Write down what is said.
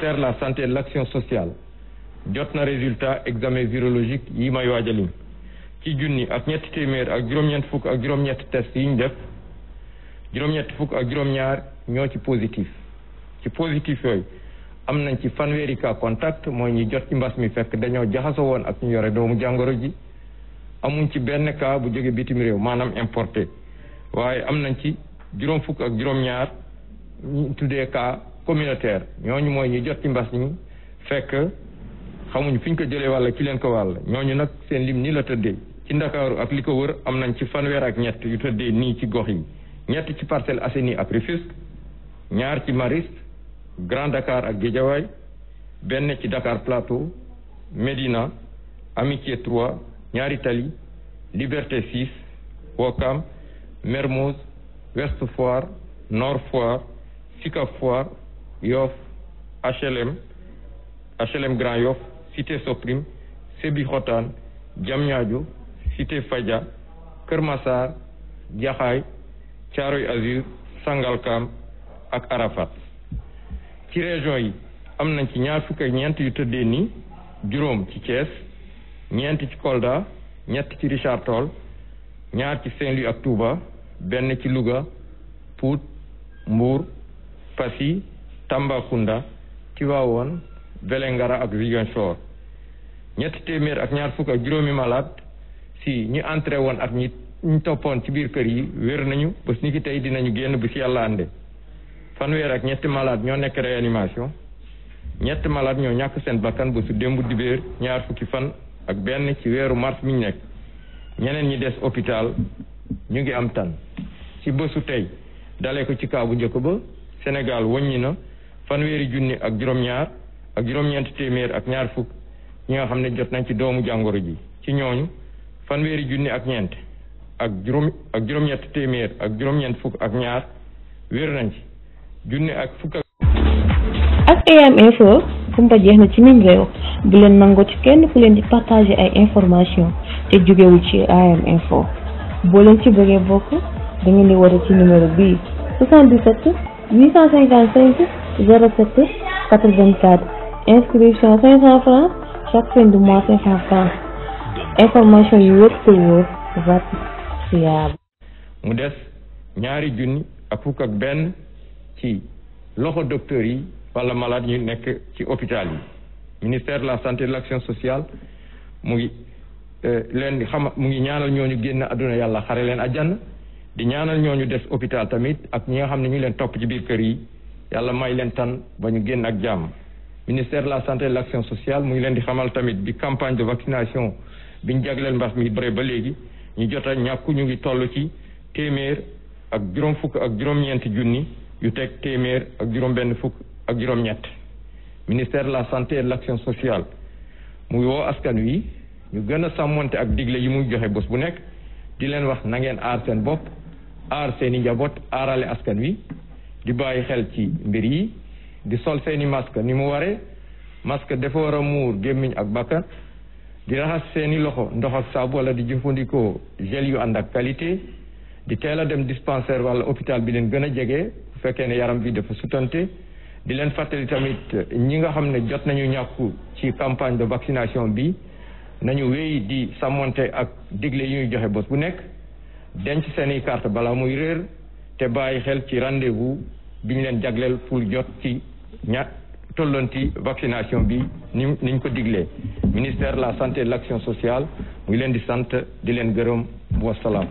ministère de la santé et de l'action sociale jot na résultat examen virologique yi may waaj a lim ci junni ak ñetti téeméer ak juróom-ñett fukk ak juróom-ñett test yi ñu def juróom-ñett fukk ak juróom-ñaar ñoo ci positif ci positif yooyu am nañ ci fanweeri cas contact mooy ñi jot ci mbas mi fekk dañoo jaxasoo woon ak ñu yore doomu jàngoro ji amuñ ci benn cas bu jóge bitim réew maanaam importé waaye am nañ ci juróom fukk ak juróom-ñaar ñu tuddee communautaire ñooñu mooy ñi jot ci mbas ñi fekk xamuñ fi ñu ko jëlee wàll ci leen ko wàll ñu nag seen lim nii la tëddee ci ndakaaru ak li ko wër am nañ ci fanweer ak ñett yu tëddee nii ci gox yi ñett ci Parcelles Assainies ak Rufisque ñaar ci Mariste Grand Dakar ak Guédiawaye benn ci Dakar Plateau Médina Amitié 3 Ñaari Tali Liberté 6 Ouakam Mermoz Ouest Foire Nord Foire Sicap Foire Yoff HLM HLM Grand Yoff Cité Soprim Sébikotane Diamniadio Cité Fadia Kër Massar Jaxaay Thiaroye Azur Sangalkam ak Arafat ci région yi am nañ ci ñaar fukk ak ñeent yu tëddee ni juróom ci Thiès ñeent ci Kolda ñett ci Richard Toll ñaar ci saint ak Touba benn ci Louga Pout Mbour Passy Tambacounda Tivaouane Vélingara ak Ziguinchor ñetti téeméer ak ñaar fukk ak juróomi malaat si ñi entrée woon ak ñi ñu toppoon ci biir kër yi wér nañu bés ni ki tey dinañu génn bu si yàlla ànde fanweer ak ñetti malaat ñoo nekk réanimation ñetti malaat ñoo ñàkk seen bakkan ba su démb dibéer ñaar fukki fan ak benn ci weeru mars mi ñu nekk ñeneen ñi des hôpital ñu ngi am tan ci bésu tey dalee ko ci kaabu njëkk ba senegal wàññi fanweeri junni ak juróom-ñaar ak juróom-ñeent téeméer ak ñaar fukk ñi nga xam ne jot nañ ci doomu jàngoro ji ci ñooñu fanweeri junni ak ñeent ak juróom ak téeméer ak juróom-ñeent fukk ak ñaar wér nañ ci junni ak fukk ak. ak AM info kumpa jeex na ci même réew bu leen nangoo ci kenn ku leen di partager ay information te jógewul ci AM info boo leen ci bëggee bokk da di woote ci numéro bii 77 855. 076 84 inscription 500 francs chaque fin du mois 500 francs information yu wér te wóor vat fiable mu des ñaari junni ak fukk ak benn ci loxo docteur yi walla malade ñu nekk ci hôpital yi ministère de la santé de l'action sociale mu ngi euh, leen di xam mu ngi ñaanal ñoo ñu génn adduna yàlla xare leen àjjana di ñaanal ñoo ñu des hôpital tamit ak ñi nga xam ne ñu leen topp ci biir kër yi yàlla may leen tan ba ñu génn ak jàmm ministère la santé de l'action sociale mu ngi leen di xamal tamit bi campagne de vaccination bi ñu jagleel mbas mi bëre ba léegi ñu jot a ñàkku ñu ngi toll ci téeméer ak juróom fukk ak juróom-ñeenti junni yu teg téeméer ak juróom-benn fukk ak juróom-ñett ministère la santé de l'action sociale mu woo askan wi ñu gën a sàmmonte ak digle yi muy joxe bés bu nekk di leen wax nangeen ngeen aar seen bopp aar seen i njaboot aarale askan wi di bàyyi xel ci mbir yi di sol seeni masque ni mu waree masque dafa war a muur gémmiñ ak bakkan di raxas seeni loxo ndox ak saabu wala di jëfandikoo gel yu ànd ak qualité di teel a dem dispensaire wala hôpital bi leen gën a jege bu fekkee ne yaram bi dafa sutante di leen fàttali tamit ñi nga xam ne jot nañu ñàkku ci campagne de vaccination bi nañu wéy di sàmmonte ak digle yu ñu joxe bés bu nekk denc seeni carte balaa muy réer te bàyyi xel ci rendez-vous bi ñu leen jagleel pour jot ci ña tollanti vaccination bi ni niñ ko diglee ministère la santé et de l'action sociale mu ngi leen di sant di leen gërëm wasalaam